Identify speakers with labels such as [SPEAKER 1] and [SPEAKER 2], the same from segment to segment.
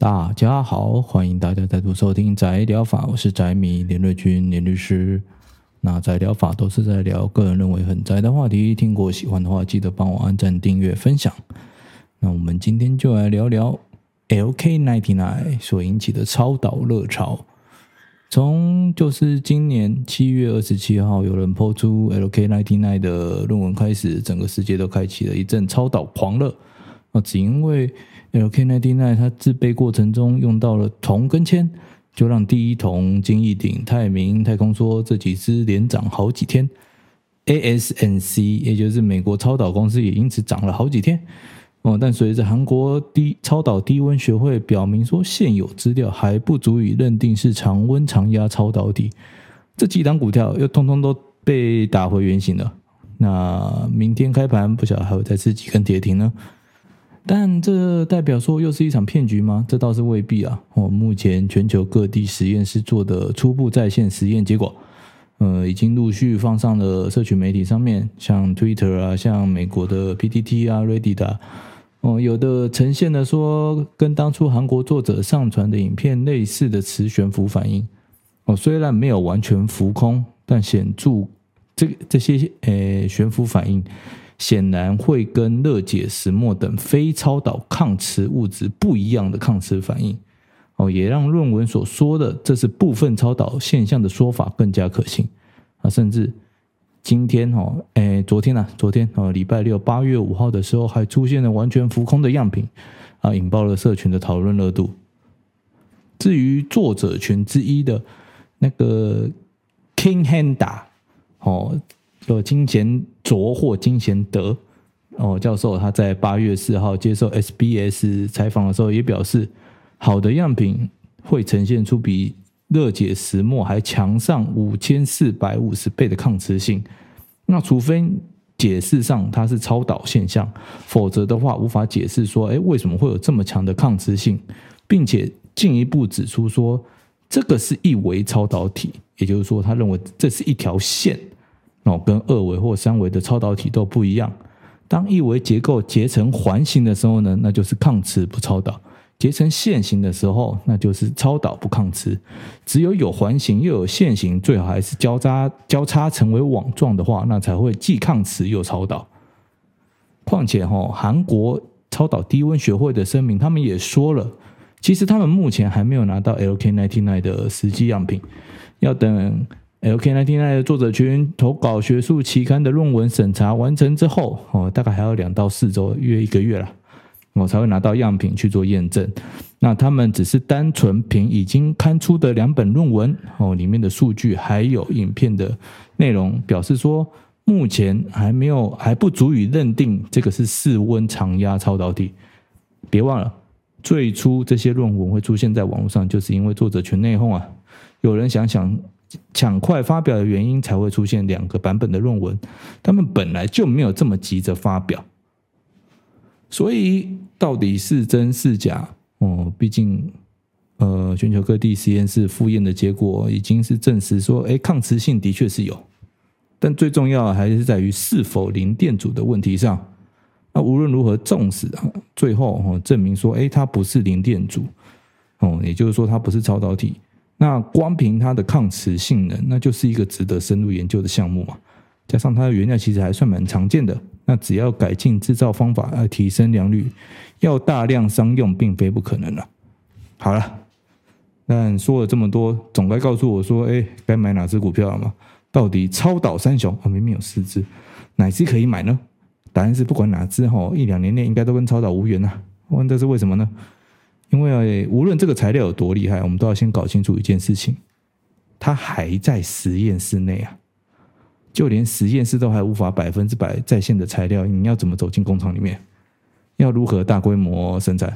[SPEAKER 1] 大家好，歡迎大家再度收聽宅聊法，我是宅米林瑞君林律師。那宅聊法都是在聊個人認為很宅的話題，聽過喜歡的話，記得幫我按讚、訂閱、分享。那我們今天就來聊聊 LK Ninety Nine 所引起的超導熱潮。從就是今年七月二十七號，有人 PO 出 LK Ninety Nine 的論文開始，整個世界都開啟了一陣超導狂熱。啊，只因為 LK-99 它製備過程中用到了銅跟鉛，就讓第一銅、金一鼎、泰明、太空說這幾隻連漲好幾天。A S N C，也就是美國超導公司也因此漲了好幾天。哦，但隨着韓國超低超導低溫學會表明說，現有資料還不足以認定是常溫常壓超導體，這幾檔股票又通通都被打回原形了。那明天開盤不曉得還會再吃幾根跌停呢？但這代表說又是一場騙局嗎？這倒是未必啊。我、哦、目前全球各地實驗室做的初步在線實驗結果，呃，已經陸續放上了社群媒體上面，像 Twitter 啊，像美國的 PTT 啊、Reddit，啊哦，有的呈現了說跟當初韓國作者上傳的影片類似的磁懸浮反應。哦，雖然沒有完全浮空，但顯著這這些誒懸浮反應。顯然會跟熱解石墨等非超導抗磁物質不一樣的抗磁反應哦，也讓論文所說的這是部分超導現象的說法更加可信啊！甚至今天哦，哎，昨天呢、啊？昨天哦，禮拜六八月五號的時候還出現了完全浮空的樣品啊，引爆了社群的討論熱度。至於作者群之一的那個 King Handa 哦，金錢。卓或金賢德哦，教授他在八月四號接受 SBS 採訪的時候也表示，好的樣品會呈現出比熱解石墨還強上五千四百五十倍的抗磁性。那除非解釋上它是超導現象，否則的話無法解釋說，哎、欸，為什麼會有這麼強的抗磁性，並且進一步指出說，這個是一維超導體，也就是說，他認為這是一條線。哦，跟二維或三維的超導體都不一樣。當一維結構結成環形的時候呢，那就是抗磁不超導；結成線形的時候，那就是超導不抗磁。只有有環形又有線形，最好還是交叉交叉成為網狀的話，那才會既抗磁又超導。況且、哦，哈，韓國超導低溫學會的聲明，他們也說了，其實他們目前還沒有拿到 LK99 的實際樣品，要等。LK-99 的作者群投稿學術期刊的論文審查完成之後，哦，大概還要兩到四週，約一個月啦，我，哦，才會拿到樣品去做驗證。那他們只是單純憑已經刊出的兩本論文，哦，裡面的數據還有影片的內容，表示說目前還沒有還不足以認定這個是室溫常壓超導體。別忘了，最初這些論文會出現在網絡上，就是因為作者群內訌啊！有人想想。搶快發表的原因，才會出現兩個版本的論文。他們本來就沒有這麼急着發表，所以到底是真是假？哦，畢竟呃，全球各地實驗室複驗的結果已經是證實說，哎，抗磁性的確是有，但最重要的還是在於是否零電阻的問題上。那無論如何重視啊，最後哦證明說，哎，它不是零電阻，哦，也就是說它不是超導體。那光憑它的抗磁性能，那就是一個值得深入研究的項目嘛。加上它的原料其實還算蠻常見的，那只要改進製造方法來提升良率，要大量商用並非不可能了。好了，但說了這麼多，總該告訴我說，哎、欸，該買哪只股票了嘛？到底超導三雄啊，明明有四只，哪只可以買呢？答案是不管哪只哈，一兩年內應該都跟超導無緣了。我問這是為什麼呢？因為無論這個材料有多厲害，我們都要先搞清楚一件事情：它還在實驗室內啊！就連實驗室都還無法百分之百再現的材料，你要怎麼走進工廠裡面？要如何大規模生產？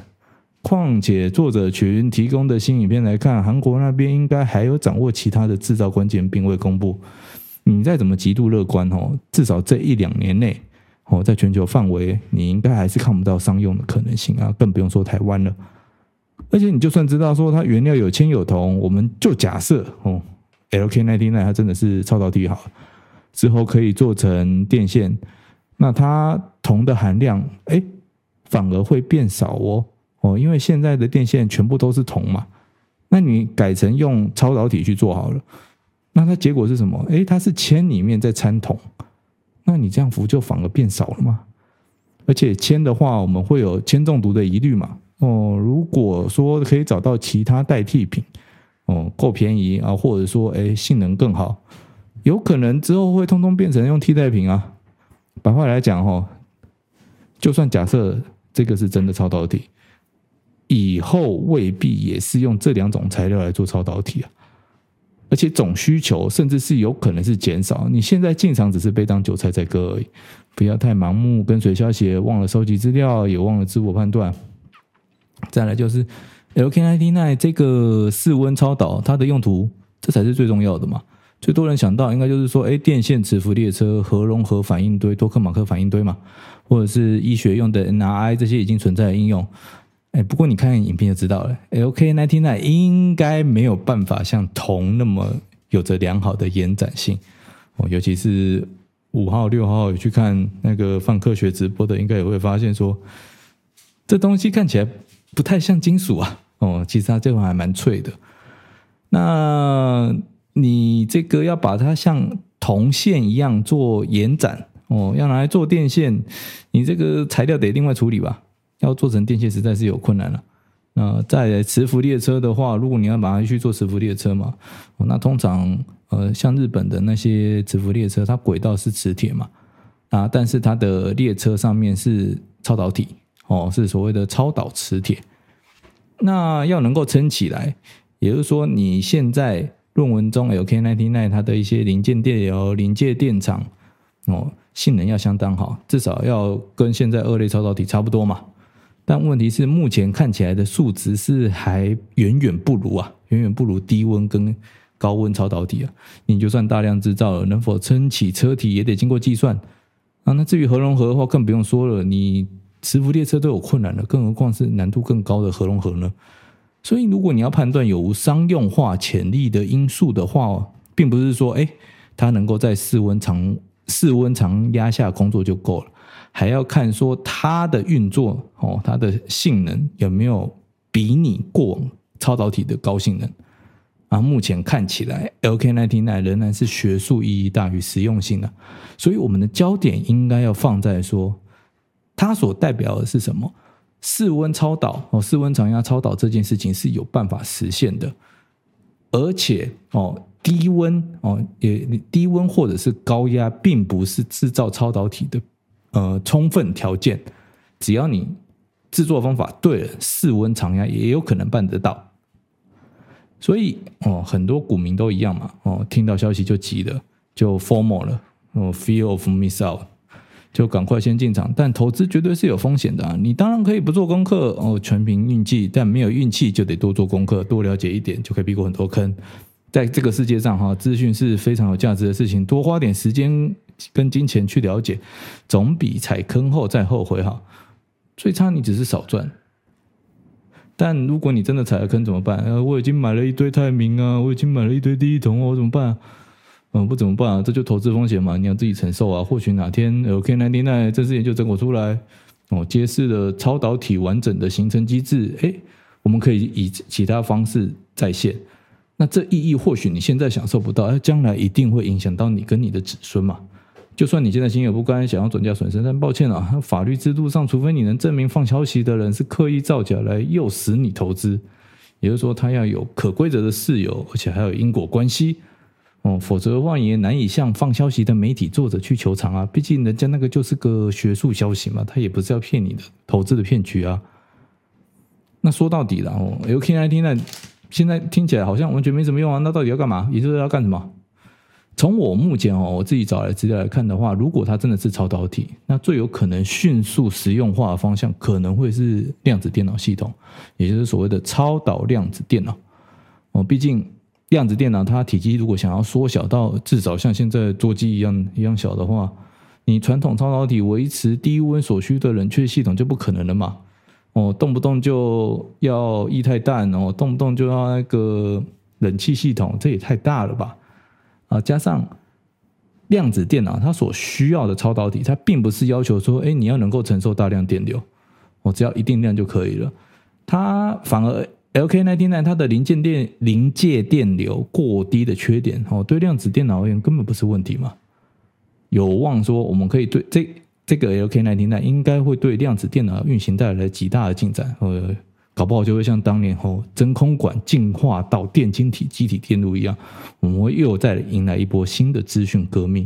[SPEAKER 1] 況且，作者群提供的新影片來看，韓國那邊應該還有掌握其他的制造關鍵，並未公布。你再怎麼極度樂觀哦，至少這一兩年內哦，在全球範圍，你應該還是看不到商用的可能性啊！更不用說台灣了。而且你就算知道說它原料有鉛有銅，我們就假設哦，LK99 它真的是超導體好了，之後可以做成電線，那它銅的含量哎反而會變少哦哦，因為現在的電線全部都是銅嘛，那你改成用超導體去做好了，那它結果是什麼？哎，它是鉛裡面在摻銅，那你這樣不就反而變少了嘛？而且鉛的話，我們會有鉛中毒的疑慮嘛？哦，如果說可以找到其他代替品，哦，夠便宜啊，或者說，哎，性能更好，有可能之後會通通變成用替代品啊。白話來講，哦，就算假設這個是真的超導體，以後未必也是用這兩種材料來做超導體啊。而且總需求甚至是有可能是減少。你現在進場只是被當韭菜在割而已，不要太盲目跟隨消息，忘了收集資料，也忘了自我判斷。再來就是 LK99 這個室溫超導，它的用途這才是最重要的嘛。最多人想到應該就是說，哎，電線、磁浮列車、核融合反應堆、托克馬克反應堆嘛，或者是醫學用的 N R I 這些已經存在的應用。哎，不過你看，看影片就知道了，LK99 應該沒有辦法像銅那麼有着良好的延展性哦。尤其是五號、六號有去看那個泛科學直播的，應該也會發現說，這東西看起來。不太像金屬啊，哦，其實它這塊還蠻脆的。那你這個要把它像銅線一樣做延展哦，要拿來做電線，你這個材料得另外處理吧？要做成電線實在是有困難了，啊。那，呃、在磁浮列車的話，如果你要把它去做磁浮列車嘛，哦，那通常呃，像日本的那些磁浮列車，它軌道是磁鐵嘛，啊，但是它的列車上面是超導體。哦，是所謂的超導磁鐵，那要能夠撐起來，也就是說，你現在論文中 LK-99 它的一些臨界電流、臨界電場，哦，性能要相當好，至少要跟現在二類超導體差不多嘛。但問題是，目前看起來的數值是還遠遠不如啊，遠遠不如低溫跟高溫超導體啊。你就算大量製造了，能否撐起車體也得經過計算啊。那至於核融合的話，更不用說了，你。磁浮列車都有困難了，更何況是難度更高的核融合呢？所以，如果你要判斷有無商用化潛力的因素的話，並不是說誒它、欸、能夠在室溫常室溫常壓下工作就夠了，還要看說它的運作哦，它的性能有沒有比擬過超導體的高性能。啊，目前看起來 LK-99 仍然是學術意義大於實用性的、啊，所以我們的焦點應該要放在說。它所代表的是什麼？室溫超導哦，室溫常壓超導這件事情是有辦法實現的，而且哦，低溫哦也低溫或者是高壓，並不是制造超導體的呃充分條件。只要你制作方法對了，室溫常壓也有可能辦得到。所以哦，很多股民都一樣嘛，哦，聽到消息就急了，就 FOMO 了，哦，fear of missing out。就趕快先進場，但投資絕對是有風險的啊！你當然可以不做功課哦，全憑運氣，但沒有運氣就得多做功課，多了解一點就可以避過很多坑。在這個世界上哈，資訊是非常有價值的事情，多花點時間跟金錢去了解，總比踩坑後再後悔哈，最差你只是少賺，但如果你真的踩了坑怎麼辦？呃，我已經買了一堆泰銘啊，我已經買了一堆第一銅啊，我怎麼辦啊？嗯，不怎麼辦啊？這就投資風險嘛，你要自己承受啊。或許哪天 LK-99 這次研究成果出來，哦，揭示了超導體完整的形成機制，哎，我們可以以其他方式再現。那這意義或許你現在享受不到，哎、啊，將來一定會影響到你跟你的子孫嘛。就算你現在心有不甘，想要轉嫁損失，但抱歉啊，法律制度上，除非你能證明放消息的人是刻意造假來誘使你投資，也就是說，他要有可歸責的事由，而且還有因果關係。哦，否則的話也難以向放消息的媒體作者去求償啊。畢竟人家那個就是個學術消息嘛，他也不是要騙你的投資的騙局啊。那說到底了，哦、LK-99 呢，現在聽起來好像完全沒什麼用啊。那到底要幹嘛？也就是要幹什麼？從我目前哦，我自己找來資料來看的話，如果它真的是超導體，那最有可能迅速實用化的方向，可能會是量子電腦系統，也就是所謂的超導量子電腦。哦，畢竟。量子電腦它體積如果想要縮小到至少像現在桌機一樣一樣小的話，你傳統超導體維持低溫所需的冷卻系統就不可能了嘛。哦，動不動就要液態氮哦，動不動就要那個冷氣系統，這也太大了吧？啊，加上量子電腦它所需要的超導體，它並不是要求說，哎，你要能夠承受大量電流，我、哦、只要一定量就可以了，它反而。LK-99 它的臨界電臨界電流過低的缺點哦，對量子電腦而言根本不是問題嘛。有望說我們可以對這這個 LK-99 應該會對量子電腦運行帶來極大的進展。呃，搞不好就會像當年吼真空管進化到電晶體積體電路一樣，我們會又再迎來一波新的資訊革命。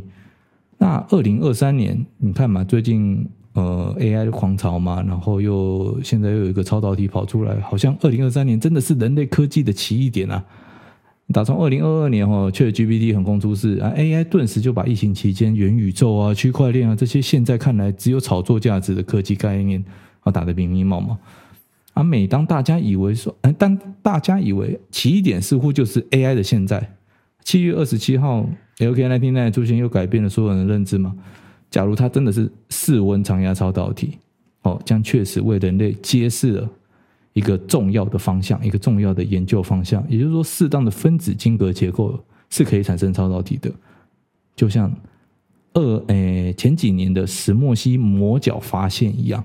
[SPEAKER 1] 那二零二三年你看嘛，最近。呃，AI 的狂潮嘛，然後又現在又有一個超導體跑出來，好像二零二三年真的是人類科技的奇異點啊！打從二零二二年哈，ChatGPT 橫空出世啊，AI 頓時就把疫情期間元宇宙啊、區塊鏈啊這些現在看來只有炒作價值的科技概念啊打得明明冒冒。啊，每當大家以為說，哎、呃，當大家以為奇異點似乎就是 AI 的現在，七月二十七號 LK-99 出現又改變了所有人的認知嘛。假如它真的是室溫常壓超導體，哦，將確實為人類揭示了一個重要的方向，一個重要的研究方向。也就是說，適當的分子晶格結構是可以產生超導體的，就像二誒、欸、前幾年的石墨烯魔角發現一樣，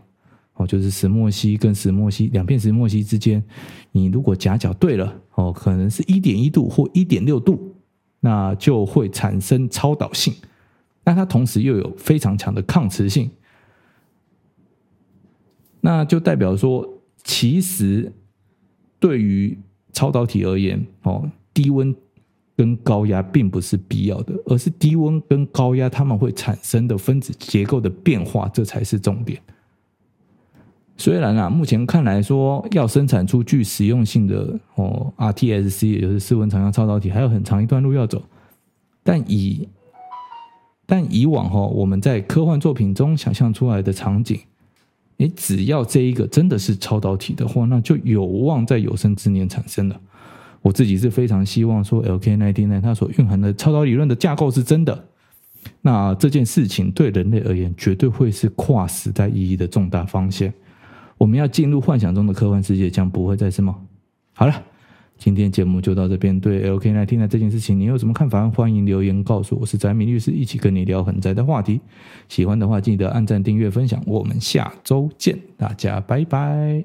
[SPEAKER 1] 哦，就是石墨烯跟石墨烯兩片石墨烯之間，你如果夾角對了，哦，可能是一點一度或一點六度，那就會產生超導性。但它同時又有非常強的抗磁性，那就代表說，其實對於超導體而言，哦，低溫跟高壓並不是必要的，而是低溫跟高壓它們會產生的分子結構的變化，這才是重點。雖然啊，目前看來說要生產出具實用性的哦，RTSC 也就是室溫常壓超導體，還有很長一段路要走，但以但以往哈，我們在科幻作品中想象出來的場景，你只要這一個真的是超導體的話，那就有望在有生之年產生了。我自己是非常希望說，LK-99 呢，它所蘊含的超導理論的架構是真的。那這件事情對人類而言，絕對會是跨時代意義的重大發現。我們要進入幻想中的科幻世界，將不會再是夢。好了。今天節目就到這邊。對 LK-99 的這件事情，你有什麼看法？歡迎留言告訴我。我是宅米律師，一起跟你聊很宅的話題。喜歡的話，記得按讚、訂閱、分享。我們下周見，大家拜拜。